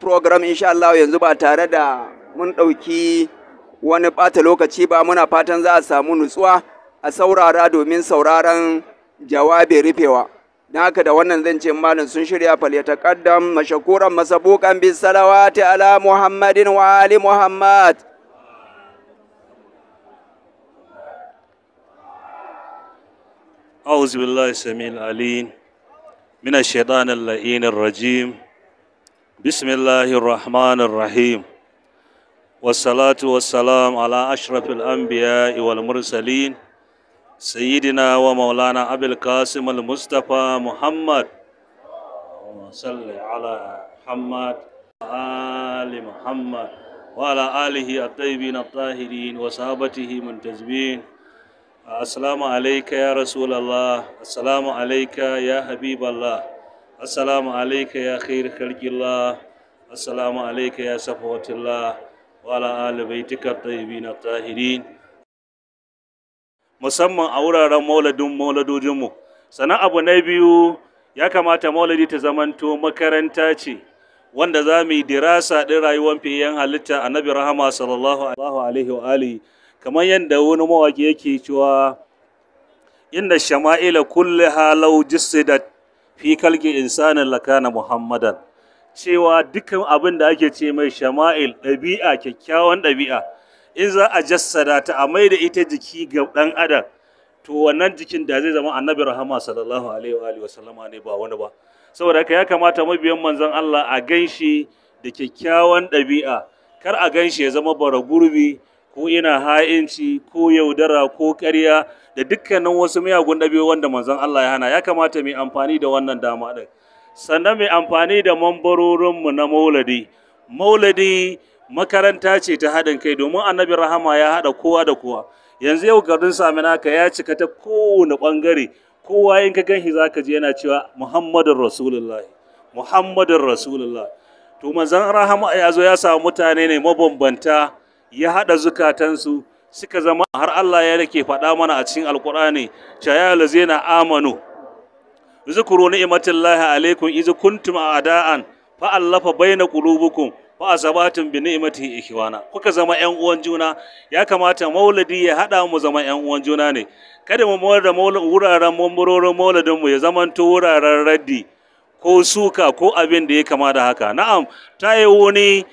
program insha Allah yanzu ba tare da mun ɗauki wani bata lokaci ba muna fatan za a samu nutsuwa a saurara domin sauraron jawabi rufewa. na haka da wannan zan ce malam sun shirya falyata kaddam mashakuran masabukan bin salawati ala Muhammadin wa ali Muhammad. أعوذ بالله السميع العليم من الشيطان اللئين الرجيم بسم الله الرحمن الرحيم والصلاة والسلام على أشرف الأنبياء والمرسلين سيدنا ومولانا أبي القاسم المصطفى محمد صل على محمد وآل محمد وعلى آله الطيبين الطاهرين وصحابته منتزبين السلام عليك يا رسول الله السلام عليك يا حبيب الله assalamu alaika ya khair khalqillah assalamu alaika ya safawatullah wa ala ali baitika tayyibin tahirin musamman a wuraren mauladin mauladojinmu sannan abu na biyu ya kamata mauladi ta zamanto makaranta ce wanda za mu yi dirasa ɗin rayuwar fiyen halitta annabi rahama sallallahu alaihi wa alihi kamar yadda wani mawaƙi yake cewa inna shama'ila kulli halau jisidat fi kalki insanin lakana muhammadan cewa dukkan abin da ake ce mai shama'il ɗabi'a kyakkyawan ɗabi'a in za a jassada ta a mai da ita jiki ga ɗan adam to wannan jikin da zai zama annabi rahama sallallahu alaihi wa alihi wasallama ne ba wani ba saboda haka ya kamata mabiyan manzon Allah a ganshi da kyakkyawan ɗabi'a kar a ganshi ya zama bara gurbi ko ina ha'inci ko yaudara ko ƙarya da dukkanin wasu miyagun ɗabi'u wanda manzon Allah ya hana ya kamata mu amfani da wannan dama ɗin sannan mai amfani da mambarorinmu na mauladi mauladi makaranta ce ta haɗin kai domin annabi rahama ya haɗa kowa da kowa yanzu yau garin saminaka ya cika ta kowane ɓangare kowa in ka ganshi za ka ji yana cewa muhammadun rasulullah muhammadun rasulullah to manzon rahama ya zo ya samu mutane ne mabambanta ya haɗa zukatansu suka zama har Allah ya rike faɗa mana a cikin alkur'ani cha ya lazina amanu zikru ni'matillahi alaikum iz kuntum a'da'an fa allafa baina qulubikum fa azabatum bi ni'matihi ikhwana kuka zama ƴan uwan juna ya kamata mauladi ya hada mu zama ƴan uwan juna ne kada mu mawar da wuraren mamburorin mauladin mu ya zamanto wuraren raddi ko suka ko abin da ya kama da haka na'am ta yi wani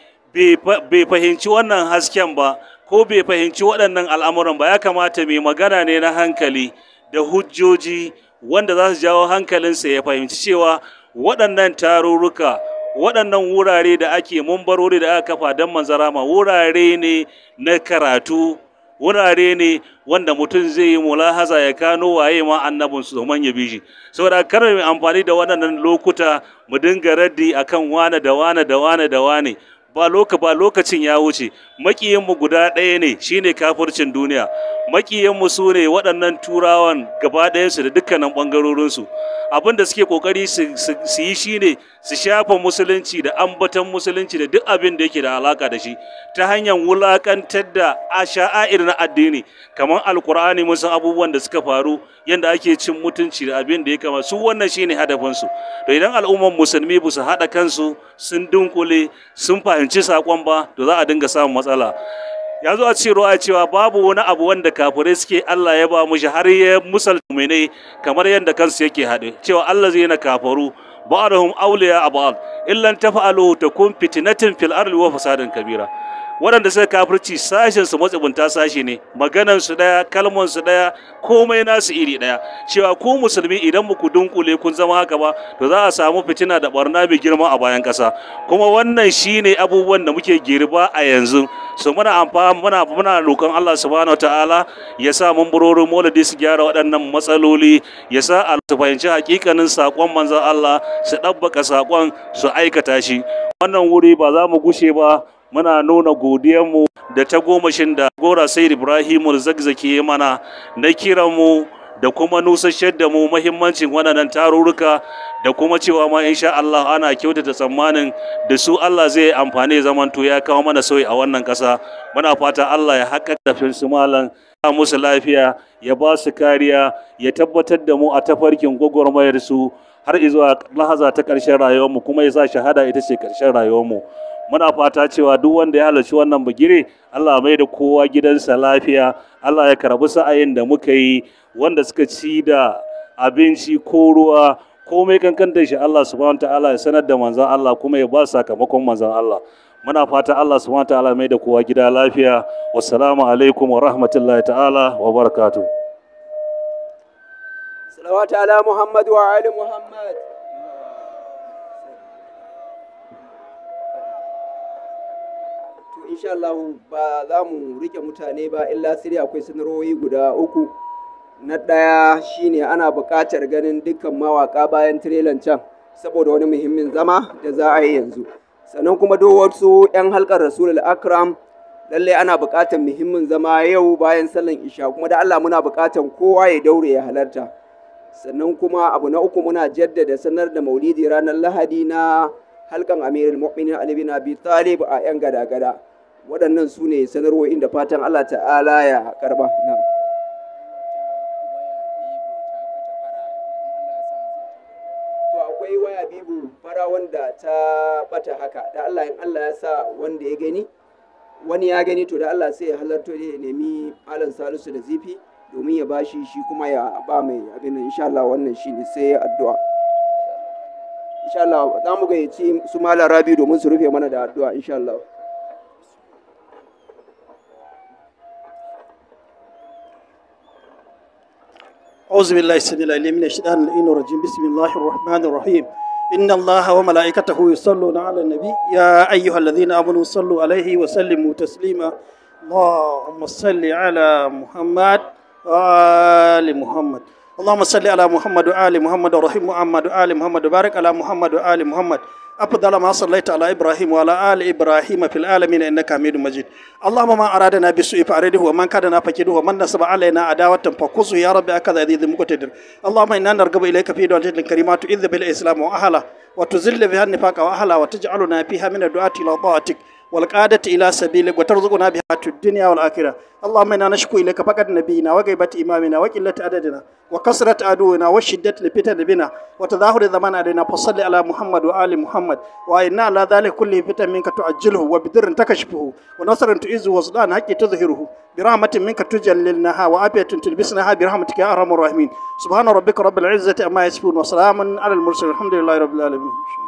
bai fahimci wannan hasken ba ko bai fahimci waɗannan al'amuran ba ya kamata mai magana ne na hankali da hujjoji wanda za su jawo hankalinsa ya fahimci cewa waɗannan tarurruka waɗannan wurare da ake mumbarori da aka kafa don manzarama wurare ne na karatu wurare ne wanda mutum zai yi mulahaza ya kano waye ma annabin su domin ya bishi saboda kar mu amfani da waɗannan lokuta mu dinga raddi akan wane da wane da wane da wane ba loka ba lokacin ya wuce makiyinmu guda ɗaya ne shine kafircin duniya makiyinmu su ne waɗannan turawan gaba ɗayansu da dukkanin ɓangarorinsu abin da suke ƙoƙari su yi shine su shafa musulunci da ambatan musulunci da duk abin da yake da alaka da shi ta hanyar wulakantar da sha'a'ir na addini kamar alkur'ani mun san abubuwan da suka faru yadda ake cin mutunci da abin da ya kama su wannan shine hadafinsu to idan al'ummar musulmi ba su haɗa kansu sun dunkule sun fahimci fahimci sakon ba to za a dinga samun matsala ya zo a ce ruwa cewa babu wani abu wanda kafirai suke Allah ya ba mushi har ya musal ne kamar yadda kansu yake haɗe cewa Allah zai na kafaru ba'dahum awliya ba'd illan tafa'alu takun fitnatin fil ardi wa fasadin kabira waɗanda suka kafirci sashen su matsibunta sashi ne maganan su daya kalman su daya komai nasu iri daya cewa ku musulmi idan muku dunkule kun zama haka ba to za a samu fitina da barna mai girma a bayan kasa kuma wannan shine abubuwan da muke girba a yanzu so muna amfani muna muna roƙon Allah subhanahu wataala ya sa mun burorin maulidi su gyara waɗannan matsaloli ya sa su fahimci hakikanin sakon manzon Allah su ɗabbaka saƙon su aikata shi wannan wuri ba za mu gushe ba muna nuna godiyarmu da ta gomashin da gora sai ibrahimu zagzaki mana na kiranmu da kuma nusashar da mu mahimmancin wannan tarurruka da kuma cewa ma insha Allah ana kyautata tsammanin da su Allah zai amfani zamanto ya kawo mana sauyi a wannan ƙasa muna fata Allah ya haƙƙa su malam ya musu lafiya ya ba su kariya ya tabbatar da mu a tafarkin gwagwarmayar su har izuwa lahaza ta ƙarshen rayuwarmu kuma ya sa shahada ita ce ƙarshen mu. muna fata cewa duk wanda ya halarci wannan bigire Allah mai da kowa gidansa lafiya Allah ya karbi sa'ayin da muka yi wanda suka ci da abinci ko ruwa komai kankanta shi Allah subhanahu ta'ala ya sanar da manzon Allah kuma ya ba sakamakon manzon Allah muna fata Allah subhanahu ta'ala mai da kowa gida lafiya wassalamu alaikum wa rahmatullahi ta'ala wa barakatuh salawatu ala muhammad wa ali muhammad insha Allah ba za mu rike mutane ba illa sai akwai sanarwoyi guda uku na ɗaya shine ana buƙatar ganin dukkan mawaka bayan tirelan can saboda wani muhimmin zama da za a yi yanzu sannan kuma duk wasu 'yan halkar rasulul akram lallai ana buƙatar muhimmin zama yau bayan sallan isha kuma da Allah muna buƙatar kowa ya daure ya halarta sannan kuma abu na uku muna jaddada sanar da maulidi ranar lahadi na halkan amirul mu'minin ali bin abi talib a yan gada-gada waɗannan su ne sanarwo'in da fatan Allah ta'ala ya karba to akwai waya bibu fara wanda ta bata haka da Allah in Allah ya sa wanda ya gani wani ya gani to da Allah sai ya halarto ya nemi alan salisu da zifi domin ya bashi shi kuma ya ba mai abin insha Allah wannan shi ne sai addu'a insha Allah za mu gayyaci su malam rabi domin su rufe mana da addu'a insha Allah أعوذ بالله السميع العليم من الشيطان اللعين الرجيم بسم الله الرحمن الرحيم إن الله وملائكته يصلون على النبي يا أيها الذين آمنوا صلوا عليه وسلموا تسليما اللهم صل على محمد وآل محمد اللهم صل على محمد وآل محمد ورحم محمد وآل محمد وبارك على محمد وآل محمد Abu Dala Masallai Tala Ibrahim wa ala Ali Ibrahima filalami na yanzu kaminu mazin Allahumma ma ara da na bi su ifa radiyo wa man kada na faki doka wa man nasaba alaina a dawa ta kusur ya rabu akazadai da muka ta daurin Allahumma in na nargabu ilai kafin idon kari ma islam a ohala watu zille biyan ni fanka a ohala watu tija al-unafi hamina da duwati laukawa. والقادة إلى سبيلك وترزقنا بها في الدنيا والآخرة اللهم إنا نشكو إليك فقد نبينا وغيبة إمامنا وقلة عددنا وكثرة عدونا وشدة الفتن بنا وتظاهر الزمان علينا فصل على محمد وآل محمد وإنا على ذلك كله فتن منك تعجله وبدر تكشفه ونصر تعزه وصلان حق تظهره برحمة منك تجللناها وعافية تلبسناها برحمتك يا أرحم الراحمين سبحان ربك رب العزة أما يصفون وسلام على المرسلين الحمد لله رب العالمين